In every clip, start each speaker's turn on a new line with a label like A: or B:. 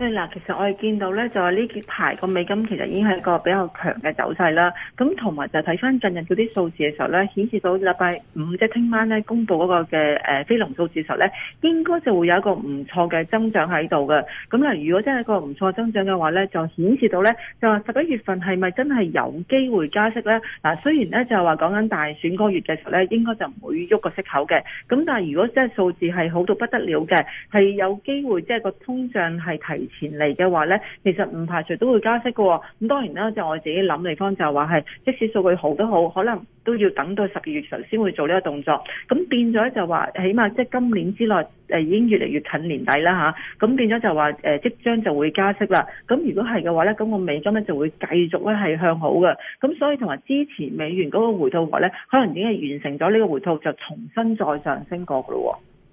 A: 其實我哋見到咧，就呢幾排個美金其實已經係一個比較強嘅走勢啦。咁同埋就睇翻近日嗰啲數字嘅時候咧，顯示到禮拜五即係聽晚咧，公布嗰個嘅誒非農數字嘅時候咧，應該就會有一個唔錯嘅增長喺度嘅。咁嗱，如果真係一個唔錯增長嘅話咧，就顯示到咧，就話十一月份係咪真係有機會加息咧？嗱，雖然咧就係話講緊大選嗰月嘅時候咧，應該就唔會喐個息口嘅。咁但係如果真係數字係好到不得了嘅，係有機會即係個通脹係提前嚟嘅話呢，其實唔排除都會加息㗎喎，哦。咁當然啦，就我自己諗地方就話話係，即使數據好都好，可能都要等到十二月頭先會做呢個動作。咁變咗就話，起碼即係今年之內已經越嚟越近年底啦嚇。咁、啊，變咗就話即將就會加息啦。咁如果係嘅話呢，咁個美金呢就會繼續咧係向好嘅。咁所以同埋之前美元嗰個回吐話呢，可能已經完成咗呢個回吐就重新再上升過嘅咯。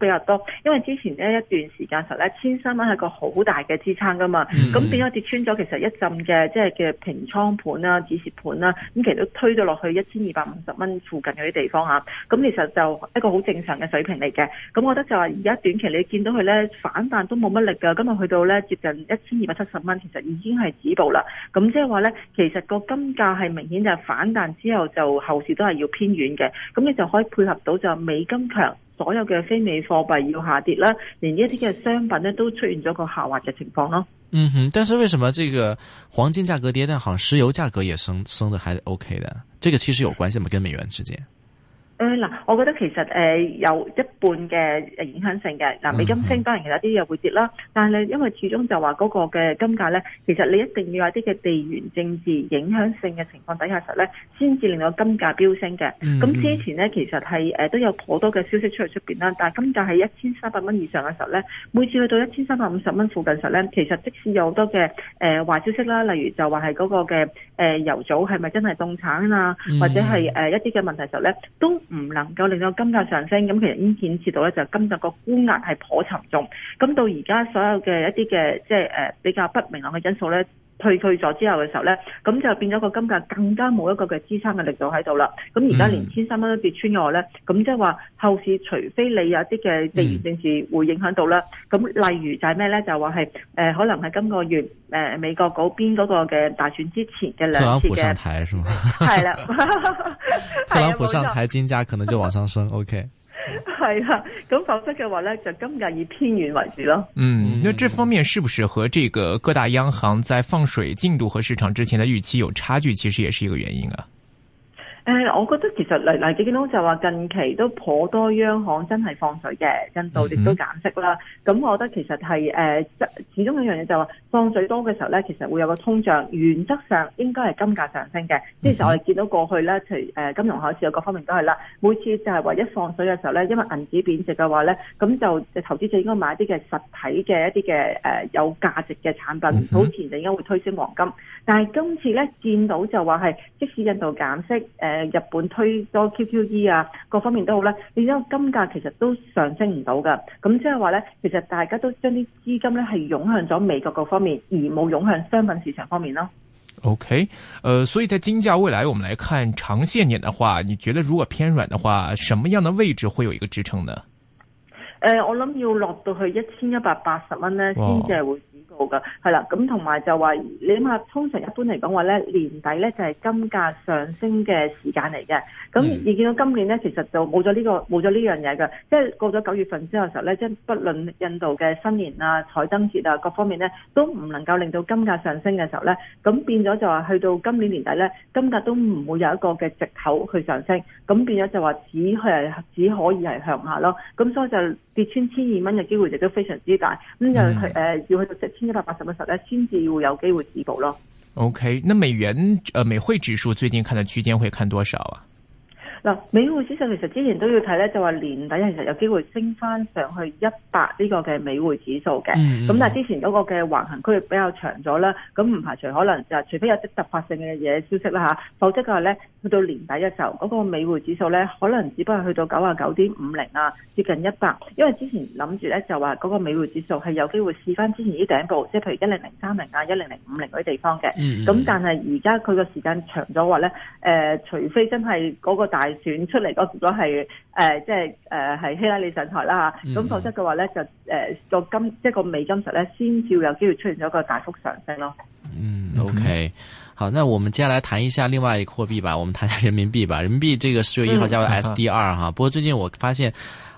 A: 比較多，因為之前呢一段時間實咧千三蚊係個好大嘅支撐噶嘛，咁、mm hmm. 變咗跌穿咗，其實一陣嘅即係嘅平倉盤啦、啊、止蝕盤啦、啊，咁其實都推到落去一千二百五十蚊附近嗰啲地方啊。咁、嗯、其實就一個好正常嘅水平嚟嘅。咁、嗯、我覺得就話而家短期你見到佢咧反彈都冇乜力噶，今日去到咧接近一千二百七十蚊，其實已經係止步啦。咁即係話咧，其實個金價係明顯就係反彈之後就後市都係要偏軟嘅。咁、嗯、你就可以配合到就美金強。所有嘅非美貨幣要下跌啦，連一啲嘅商品咧都出現咗個下滑嘅情況咯。
B: 嗯哼，但是為什麼這個黃金價格跌，但好像石油價格也升，升得還 OK 的？這個其實有關係嗎？跟美元之間？
A: 嗱，我覺得其實誒有一半嘅影響性嘅，嗱，美金升，當然有啲又會跌啦。但係你因為始終就話嗰個嘅金價咧，其實你一定要有啲嘅地緣政治影響性嘅情況底下實咧，先至令到金價飆升嘅。咁、嗯、之前咧其實係誒都有好多嘅消息出嚟出邊啦，但係金價係一千三百蚊以上嘅時候咧，每次去到一千三百五十蚊附近實咧，其實即使有好多嘅誒壞消息啦，例如就話係嗰個嘅誒、呃、油組係咪真係凍產啊，或者係誒、呃、一啲嘅問題實咧，都唔能夠令到金價上升，咁其實已經顯示到咧，就係金價個沽壓係頗沉重。咁到而家所有嘅一啲嘅即係誒比較不明朗嘅因素咧。退退咗之後嘅時候咧，咁就變咗個金價更加冇一個嘅支撐嘅力度喺度啦。咁而家連千三蚊都跌穿嘅話咧，咁即係話後市除非你有啲嘅地緣政治會影響到啦。咁、嗯、例如就係咩咧？就係話係可能係今個月美國嗰邊嗰個嘅大選之前嘅兩次嘅，係啦。特朗普上台，
B: 特朗普
A: 上台
C: 金價可能就往上升。 OK。
A: 係啦，咁否則嘅話咧，
C: 就今日以偏遠為主咯。嗯，那這方面是不是和這個各大央行在放水進度和市場之前的預期有差距？其實也是一個原因啊。
A: 誒、嗯，我覺得其實例例子見到就話近期都頗多央行真係放水嘅，印度亦都減息啦。咁、嗯、哼我覺得其實係誒、呃，始終有一樣嘢就話放水多嘅時候咧，其實會有個通脹，原則上應該係金價上升嘅。即係、嗯、哼我哋見到過去咧，譬如誒金融海嘯各方面都係啦，每次就係為一放水嘅時候咧，因為銀紙貶值嘅話咧，咁就投資者應該買啲嘅實體嘅一啲嘅誒有價值嘅產品，好、嗯、哼自然就應該會推升黃金。但係今次咧見到就話係，即使印度減息、呃誒，日本推多 QQE 啊，各方面都好啦。你知金價其實都上升唔到噶，咁即係話咧，其實大家都將啲資金咧係湧向咗美國各方面，而冇湧向商品市場方面咯。
C: OK，誒、呃，所以在金價未來，我們來看長線點的話，你覺得如果偏軟的話，什麼樣的位置會有一個支撐呢？誒、
A: 呃，我諗要落到去一千一百八十蚊咧，先至係會。做噶，係啦、嗯嗯，咁同埋就話，你諗下，通常一般嚟講話咧，年底咧就係金價上升嘅時間嚟嘅。咁而見到今年咧，其實就冇咗呢個冇咗呢樣嘢嘅，即係過咗九月份之後嘅時候咧，即係不論印度嘅新年啊、彩燈節啊各方面咧，都唔能夠令到金價上升嘅時候咧，咁變咗就話去到今年年底咧，金價都唔會有一個嘅藉口去上升，咁變咗就話只係只可以係向下咯，咁所以就。跌穿千二蚊嘅機會亦都非常之大，咁就係誒，要去到七千一百八十蚊十咧，先至會有機會止步咯。
C: O、okay, K，那美元誒、呃，美匯指數最近看嘅區間會看多少啊？
A: 嗱，美匯指數其實之前都要睇咧，就話年底其實有機會升翻上去一百呢個嘅美匯指數嘅。咁、嗯、但係之前嗰個嘅橫行區比較長咗啦，咁唔排除可能就除非有啲突發性嘅嘢消息啦嚇，否則嘅話咧，去到年底嘅時候，嗰、嗰個美匯指數咧，可能只不過去到九啊九點五零啊，接近一百。因為之前諗住咧就話嗰個美匯指數係有機會試翻之前啲頂部，即係譬如一零零三零啊、一零零五零嗰啲地方嘅。咁、嗯、但係而家佢個時間長咗話咧，誒、呃，除非真係嗰個大選出嚟嗰個係誒，即係誒，係、就是呃、希拉里上台啦嚇，咁否則嘅話咧就誒個、呃、金即係、就是、個美金實咧，先至會有機會出現咗個大幅上升咯。嗯
B: ，OK，好，那我們接下來談一下另外一個貨幣吧，我們談下人民幣吧。人民幣這個十月一號加入 SDR 哈，啊、不過最近我發現。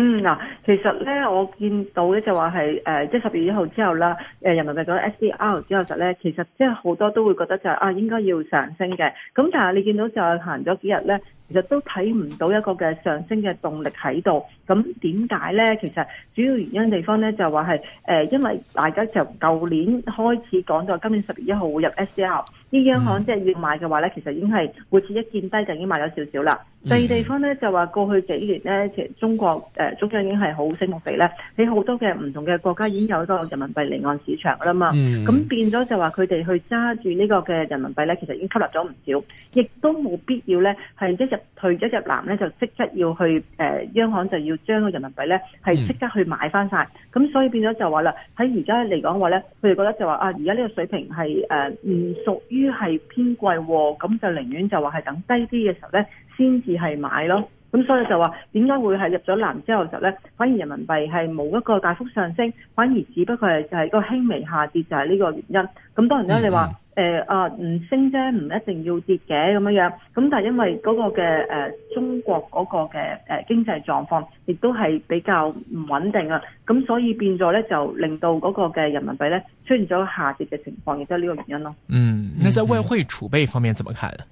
A: 嗯嗱，其實咧我見到咧就話係誒，即係十月一號之後啦，誒人民幣嗰個 S D R 之後就咧，其實即係好多都會覺得就係、是、啊應該要上升嘅，咁但係你見到就係行咗幾日咧，其實都睇唔到一個嘅上升嘅動力喺度，咁點解咧？其實主要原因地方咧就話係誒，因為大家就舊年開始講到今年十月一號會入 S D R。啲央行即係要買嘅話咧，其實已經係每次一見低就已經買咗少少啦。第二地方咧就話過去幾年咧，其實中國誒、呃、中央已經係好醒目地咧，喺好多嘅唔同嘅國家已經有個人民幣離岸市場啦嘛。咁、嗯、變咗就話佢哋去揸住呢個嘅人民幣咧，其實已經吸納咗唔少，亦都冇必要咧係一入退一入南咧就即刻要去誒、呃、央行就要將個人民幣咧係即刻去買翻晒。咁、嗯、所以變咗就話啦，喺而家嚟講話咧，佢哋覺得就話啊，而家呢個水平係唔屬於。呃於係偏貴喎、喔，咁就寧願就話係等低啲嘅時候咧，先至係買咯。咁所以就話點解會係入咗籃之後嘅時候咧，反而人民幣係冇一個大幅上升，反而只不過係就係個輕微下跌，就係呢個原因。咁當然啦，你話。誒、呃、啊，唔升啫，唔一定要跌嘅咁樣樣。咁但係因為嗰個嘅誒、呃、中國嗰個嘅誒、呃、經濟狀況，亦都係比較唔穩定啊。咁所以變咗咧，就令到嗰個嘅人民幣咧出現咗下跌嘅情況，亦都係呢個原因咯。嗯，
C: 那在外匯儲備方面怎麼看？嗯嗯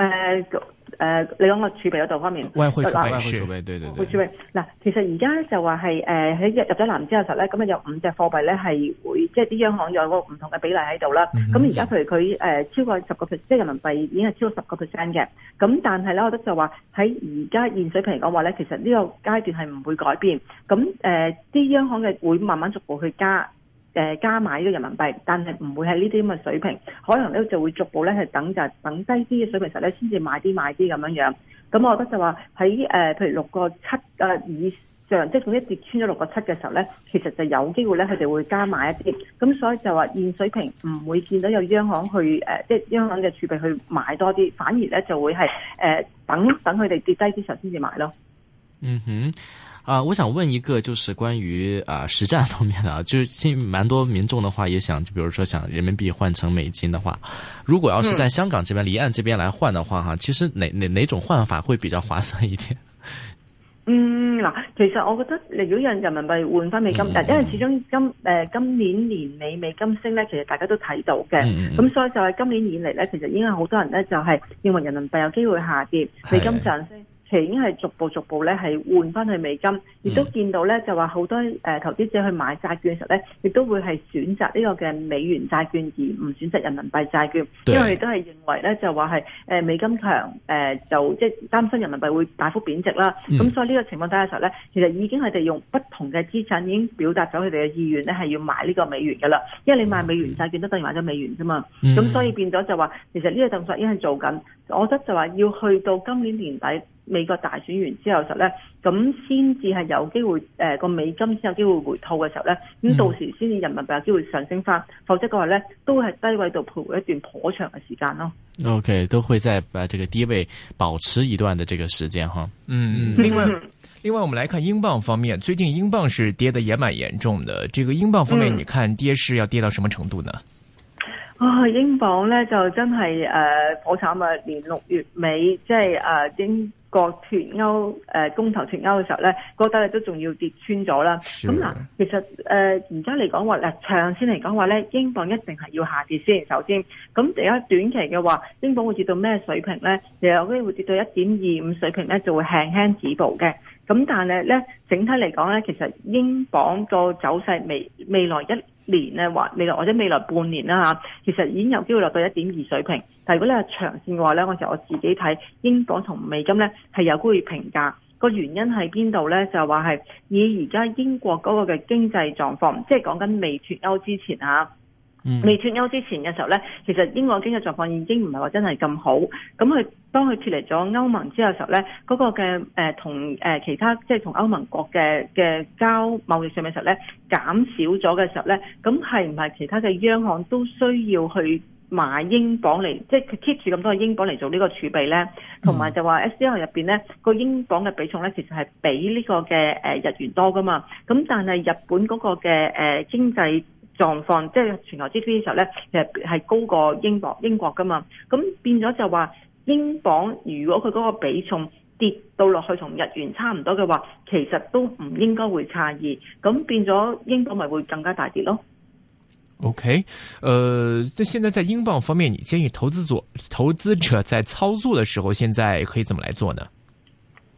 A: 誒誒、呃呃，你講個儲備嗰度方面，外匯儲備，外匯儲備，對對對，外匯儲備嗱。其實而家咧就話係誒喺入入咗籃之後，實咧咁誒有五隻貨幣咧係會即係啲央行有個唔同嘅比例喺度啦。咁而家譬如佢誒有、呃、超過十個 percent，即係人民幣已經係超過十個 percent 嘅。咁但係呢，我覺得就話喺而家現水平嚟講話呢，其實呢個階段係唔會改變。咁誒啲央行嘅會慢慢逐步去加。誒加買呢個人民幣，但係唔會係呢啲咁嘅水平，可能咧就會逐步咧係等就係等低啲嘅水平時候咧先至買啲買啲咁樣樣。咁我覺得就話喺誒譬如六個七啊以上，即係總之跌穿咗六個七嘅時候咧，其實就有機會咧佢哋會加買一啲。咁所以就話現水平唔會見到有央行去誒，即係央行嘅儲備去買多啲，反而咧就會係誒等等佢哋跌低啲時候先至買咯。
B: 嗯哼，啊、呃，我想問一個，就是關於啊、呃、實戰方面的、啊，就現在蠻多民眾的話，也想，就比如說想人民幣換成美金的話，如果要是在香港這邊、嗯、離岸這邊來換的話，哈，其實哪哪哪種換法會比較划算一點？嗯，嗱，其
A: 實我覺得，如果讓人民幣換翻美金，但、嗯、因為始終今、呃、今年年尾美金升呢，其實大家都睇到嘅，咁、嗯、所以就係今年以嚟呢，其實應該好多人呢，就係認為人民幣有機會下跌，美金上升、哎。其實已經係逐步逐步咧係換翻去美金，亦都見到咧就話好多投資者去買債券嘅時候咧，亦都會係選擇呢個嘅美元債券而唔選擇人民幣債券，對因為都係認為咧就話係美金強誒、呃、就即係擔心人民幣會大幅貶值啦。咁、嗯、所以呢個情況底下嘅時候咧，其實已經係利用不同嘅資產已經表達咗佢哋嘅意願咧係要買呢個美元㗎啦。因為你買美元債、嗯、券都等於買咗美元啫嘛。咁、嗯、所以變咗就話其實呢個動作已經係做緊。我覺得就話要去到今年年底。美國大選完之後嘅時候咧，咁先至係有機會，誒、呃、個美金先有機會回吐嘅時候咧，咁、嗯、到時先至人民幣有機會上升翻，嗯、否則嘅話咧都係低位度徘徊一段頗長嘅時間咯。
B: OK，都會再把這個低位保持一段的這個時間哈。嗯，嗯、
C: 另外另外，我們來看英鎊方面，最近英鎊是跌得也蠻嚴重的。這個英鎊方面，你看跌勢要跌到什麼程度呢？嗯
A: 啊、哦，英鎊咧就真係誒好慘啊！連、呃、六月尾即係誒、呃、英國脫歐誒公投脫歐嘅時候咧，嗰底咧都仲要跌穿咗啦。咁嗱 Sure.，其實誒而家嚟講話，嗱、呃、長線嚟講話咧，英鎊一定係要下跌先。首先，咁而家短期嘅話，英鎊會跌到咩水平咧？其實有機會跌到一點二五水平咧，就會輕輕止步嘅。咁但係咧，整體嚟講咧，其實英鎊個走勢未未來一年咧，或未來，或者未來半年啦嚇，其實已經有機會落到一點二水平。但如果你係長線嘅話咧，我就我自己睇英國同美金咧係有機會評價。個原因喺邊度咧？就係話係以而家英國嗰個嘅經濟狀況，即係講緊未脱歐之前嚇，未脱歐之前嘅時候咧，其實英國經濟狀況已經唔係話真係咁好，咁佢。當佢脱離咗歐盟之後嘅時候咧，嗰個嘅誒同誒其他即係同歐盟國嘅嘅交貿易上面嘅時候咧，減少咗嘅時候咧，咁係唔係其他嘅央行都需要去買英鎊嚟，即係佢 keep 住咁多嘅英鎊嚟做呢個儲備咧？同埋就話 SDR 入邊咧，個英鎊嘅比重咧，其實係比呢個嘅誒日元多噶嘛。咁但係日本嗰個嘅誒經濟狀況，即係全球 GDP 嘅時候咧，其實係高過英國英國噶嘛。咁變咗就話。英鎊如果佢嗰個比重跌到落去同日元差唔多嘅話，其實都唔應該會詫異，咁變咗英鎊咪會更加大跌咯。
C: OK，誒、呃，咁現在在英鎊方面，你建議投資做投資者在操作嘅時候，現在可以怎麼來做呢？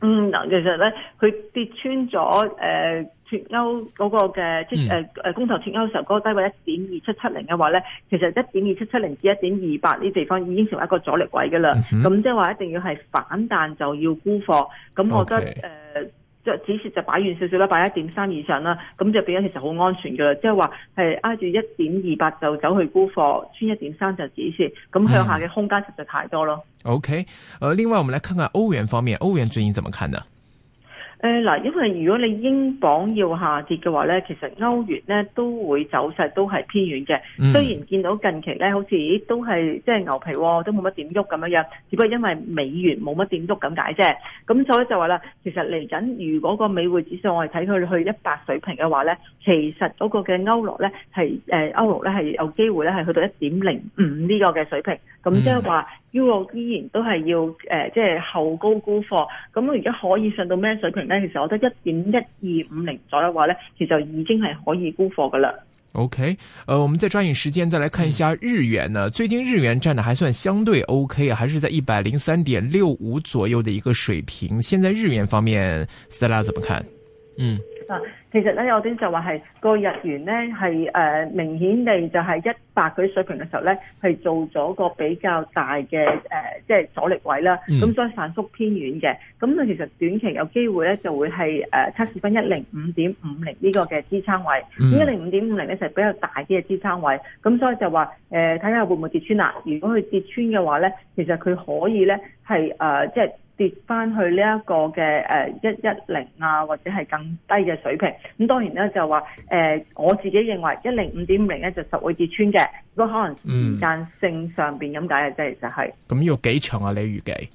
C: 嗯，
A: 嗱，其實咧，佢跌穿咗誒。呃脫歐嗰個嘅即係誒誒，公投脫歐嘅時候，嗰個低位一點二七七零嘅話咧，其實一點二七七零至一點二八呢地方已經成為一個阻力位噶啦。咁即係話一定要係反彈就要沽貨。咁我覺得誒，即係 Okay.、呃、止蝕就擺遠少少啦，擺一點三以上啦，咁就變咗其實好安全噶啦。即係話係挨住一點二八就走去沽貨，穿一點三就止蝕。咁向下嘅空間實在太多咯、嗯。
C: OK，誒、呃，另外我們來看看歐元方面，歐元最近怎麼看呢？
A: 誒，嗱，因為如果你英鎊要下跌嘅話咧，其實歐元咧都會走勢都係偏軟嘅。嗯、雖然見到近期咧，好似都係即係牛皮，都冇乜點喐咁樣樣，只不過因為美元冇乜點喐咁解啫。咁所以就話啦，其實嚟緊如果個美匯指數我哋睇佢去一百水平嘅話咧，其實嗰個嘅歐羅咧係誒，歐羅咧係有機會咧係去到一點零五呢個嘅水平。咁、嗯嗯、即係話，Euro 依然都係要誒、呃，即係後高沽貨。咁我而家可以上到咩水平呢？其實我覺得一點一二五零左右嘅話呢，其實就已經係可以沽貨噶啦。
C: OK，呃我們再抓緊時間再來看一下日元呢。最近日元站得還算相對 OK，還是在一百零三點六五左右的一個水平。現在日元方面，Stella、嗯、拉怎麼看？嗯。
A: 其實咧有啲就話係個日元咧係誒明顯地就係一百嗰啲水平嘅時候咧，係做咗個比較大嘅誒、呃、即係阻力位啦，咁、嗯嗯、所以反覆偏軟嘅，咁、嗯、佢其實短期有機會咧就會係誒、呃、測試翻一零五點五零呢個嘅支撐位，一零五點五零咧就係比較大啲嘅支撐位，咁、嗯、所以就話誒睇下會唔會跌穿啊？如果佢跌穿嘅話咧，其實佢可以咧係誒即係。呃就是跌翻去呢一個嘅誒一一零啊，或者係更低嘅水平。咁當然咧就話誒、呃，我自己認為一零五點零咧就實會跌穿嘅。如果可能時間性上邊咁解嘅啫，其實、嗯、就係、
C: 是。咁要幾長啊？你預計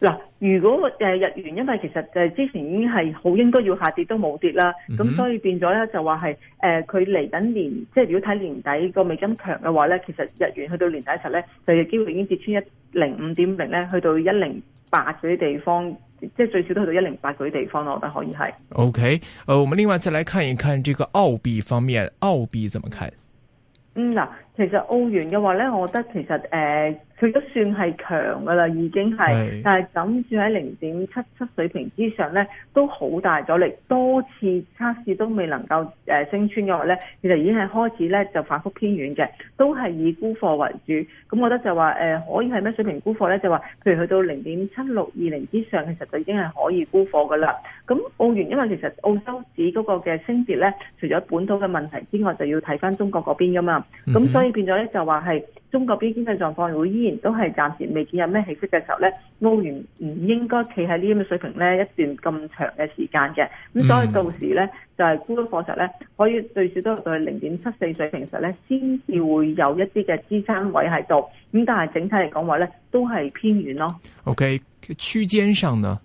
A: 嗱，如果誒、呃、日元，因為其實之前已經係好應該要下跌都冇跌啦。咁、嗯、哼所以變咗咧就話係誒，佢嚟緊年即係如果睇年底個美金強嘅話咧，其實日元去到年底嘅時候咧就有機會已經跌穿一。零五點零咧，0 0, 去到一零八嗰啲地方，即係最少都去到一零八嗰啲地方咯，我覺得可以係。
C: OK，呃，我們另外再來看一看呢個澳幣方面，澳幣怎麼看？
A: 嗯，嗱。其實澳元嘅話咧，我覺得其實誒，佢、呃、都算係強噶啦，已經係，是但係咁住喺零點七七水平之上咧，都好大阻力，多次測試都未能夠誒、呃、升穿嘅話咧，其實已經係開始咧就反覆偏軟嘅，都係以沽貨為主。咁、嗯、我覺得就話誒、呃，可以係咩水平沽貨咧？就話譬如去到零點七六二零之上，其實就已經係可以沽貨噶啦。咁澳元因為其實澳洲市嗰個嘅升跌咧，除咗本土嘅問題之外，就要睇翻中國嗰邊噶嘛。咁、嗯、哼所所以變咗咧，就話係中國邊經濟狀況如果依然都係暫時未見有咩起色嘅時候咧，澳元唔應該企喺呢啲嘅水平咧一段咁長嘅時間嘅。咁所以到時咧、嗯、就係沽到貨實咧，可以最少都落到去零點七四水平實咧，先至會有一啲嘅支撐位喺度。咁但係整體嚟講話咧，都係偏遠咯。
C: OK，區間上呢？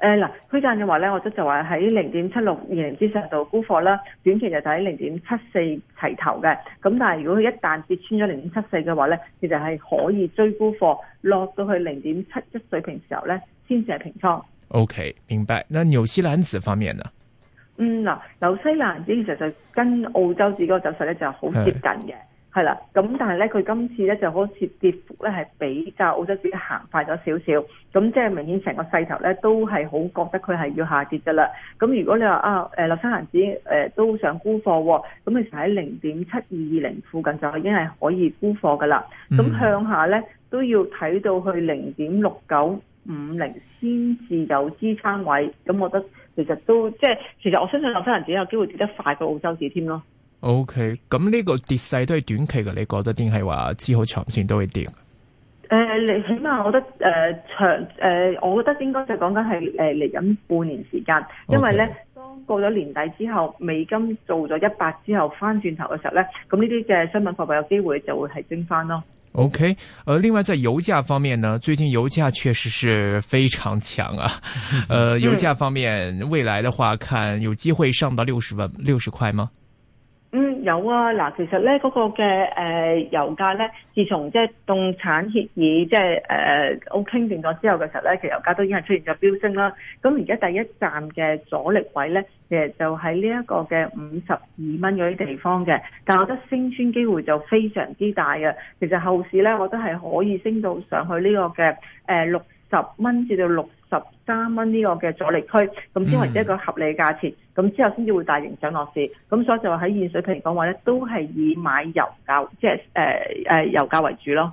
A: 誒嗱，區間嘅話咧，我覺得就話喺零點七六二零之上度沽貨啦，短期就喺零點七四齊頭嘅。咁但係如果佢一旦跌穿咗零點七四嘅話咧，其實係可以追沽貨落到去零點七一水平時候咧，先至係平倉。
C: OK，明白。那紐西蘭子方面呢？
A: 嗯，嗱、呃，紐西蘭子其實就跟澳洲指個走勢咧，就係好接近嘅。係啦，咁但係咧，佢今次咧就好似跌幅咧係比較澳洲紙行快咗少少，咁即係明顯成個勢頭咧都係好覺得佢係要下跌噶啦。咁如果你話啊，誒紐西蘭紙都想沽貨喎，咁其實喺零點七二二零附近就已經係可以沽貨噶啦。咁、嗯、向下咧都要睇到去零點六九五零先至有支撐位，咁我覺得其實都即係其實我相信紐西蘭紙有機會跌得快過澳洲紙添咯。
C: O K，咁呢個跌勢都係短期嘅，你覺得定係話之後長線都會跌？誒、呃，你
A: 起碼我覺得誒、呃、長誒、呃，我覺得應該就講緊係誒嚟緊半年時間，因為咧 Okay. 當過咗年底之後，美金做咗一百之後翻轉頭嘅時候咧，咁呢啲嘅新聞發布有機會就會係升翻咯。
C: O K，誒，另外在油價方面呢，最近油價確實是非常強啊。誒、 呃，油價方面 未來的話，看有機會上到六十蚊六十塊嗎？
A: 有啊，嗱，其實咧嗰個嘅誒、呃、油價咧，自從即係凍產協議即係誒好傾定咗之後嘅時候咧，其實油價都已經係出現咗飆升啦。咁而家第一站嘅阻力位咧，其實就喺呢一個嘅五十二蚊嗰啲地方嘅，但係我覺得升穿機會就非常之大嘅。其實後市咧，我覺得係可以升到上去呢個嘅誒六十蚊至到六十三蚊呢個嘅阻力區，咁先為一個合理嘅價錢，咁之後先至會大型上落市，咁、嗯、所以就話喺現水平講話咧，都係以買油價，即係誒誒油價為主咯。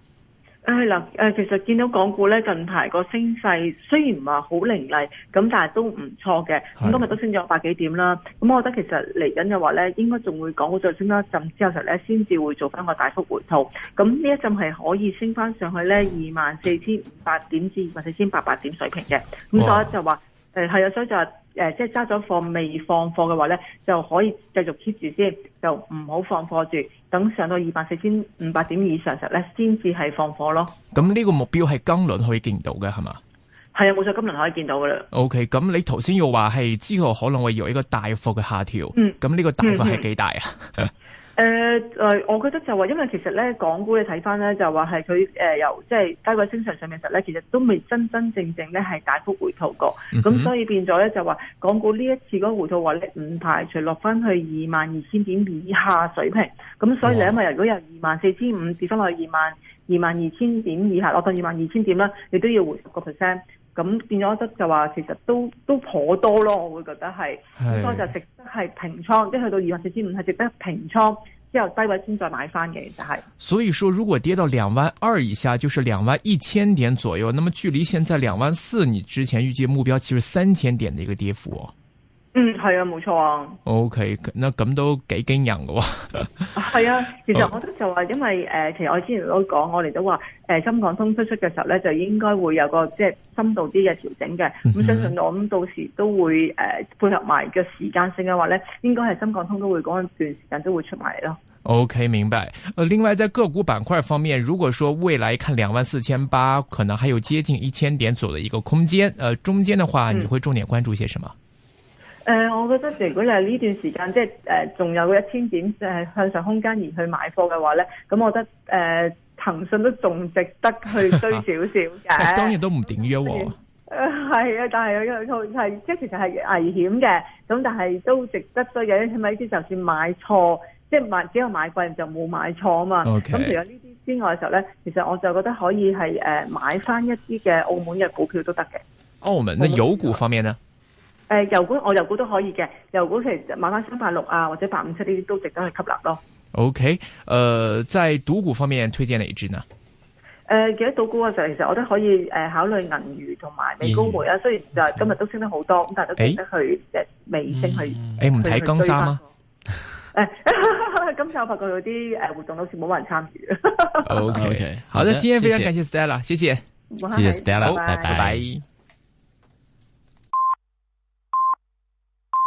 A: 誒，嗱，誒，其實見到港股咧近排個升勢雖然唔係好凌厲，咁但係都唔錯嘅，咁的今日都升咗百幾點啦。咁我覺得其實嚟緊嘅話咧，應該仲會港股再升多一浸之後就咧，先至會做翻個大幅回吐。咁呢一陣係可以升翻上去咧二萬四千五百點至二萬四千八百點水平嘅。咁哇所以就話，誒係啊，所以就話。誒，即係揸咗貨未放貨嘅話咧，就可以繼續 keep 住先，就唔好放貨住，等上到二萬四千五百點以上實咧，先至係放貨咯。
C: 咁呢個目標係今輪可以見到嘅係嘛？
A: 係啊，冇錯，今輪可以見到噶啦。
C: OK，咁你頭先又話係之後可能會有一個大幅嘅下調，咁呢、嗯、個大幅係幾大啊？嗯嗯
A: 誒誒、呃，我覺得就話，因為其實咧，港股你睇翻咧，就話係佢誒由即係低位升上上面實咧，其實都未真真正正咧係大幅回吐過。咁、嗯哼嗯、所以變咗咧就話，港股呢一次嗰個回吐話你唔排除落翻去二萬二千點以下水平。咁所以你因為如果有二萬四千五跌翻落去二萬二萬二千點以下，落、哦、到二萬二千點啦，你都要回十個 percent。咁變咗得就話，其實都都頗多咯，我會覺得係，應
C: 該就值
A: 得係平倉，即去到二萬四千五係值得平倉，之後低位先再買翻嘅，就係。
C: 所以說，如果跌到兩萬二以下，就是兩萬一千點左右，那麼距離現在兩萬四，你之前預計目標其實三千點嘅一個跌幅。
A: 嗯，係啊，冇錯、啊。
C: O、okay, K，那咁都幾驚人
A: 嘅。係 啊，其實我覺得就係因為誒、呃，其實我之前都講，我哋都話誒、呃，深港通推出嘅時候咧，就應該會有個即係深度啲嘅調整嘅。咁相信我咁到時都會誒、呃、配合埋嘅時間性嘅話咧，應該係深港通都會嗰段時間都會出埋咯。
C: O、okay, K，明白。呃，另外在個股板塊方面，如果說未來看兩萬四千八，可能還有接近一千點左右嘅一個空間。呃中間嘅話，嗯、你會重點關注些什麼？
A: 誒、呃，我覺得如果你係呢段時間即係誒仲有一千點即係、呃、向上空間而去買貨嘅話咧，咁我覺得誒騰訊都仲值得去追少少嘅。當然
C: 啊、都唔定嘅喎。誒
A: 係、嗯呃、啊，但係佢係即係其實係危險嘅，咁但係都值得追嘅。起碼呢啲就算買錯，即係買只要買貴有買貴就冇買錯啊嘛。咁 Okay. 除咗呢啲之外嘅時候咧，其實我就覺得可以係誒買翻一啲嘅澳門嘅股票都得嘅。
C: 澳門？那妖股方面呢？
A: 誒油股我油股都可以嘅，油股其實買翻三百六啊或者百五七呢啲都值得去吸納咯。
C: OK，誒在賭股方面推薦哪一支呢？
A: 誒記得賭股嘅時候，其實我都可以誒考慮銀娛同埋美高梅啊。雖然就今日都升得好多，咁但係都值得去誒微升去。誒唔睇金沙啊？誒，今次我發覺有啲誒活動好似冇人參與。
C: OK，好啦，今天非常感謝 Stella，謝謝，謝謝 Stella，拜拜。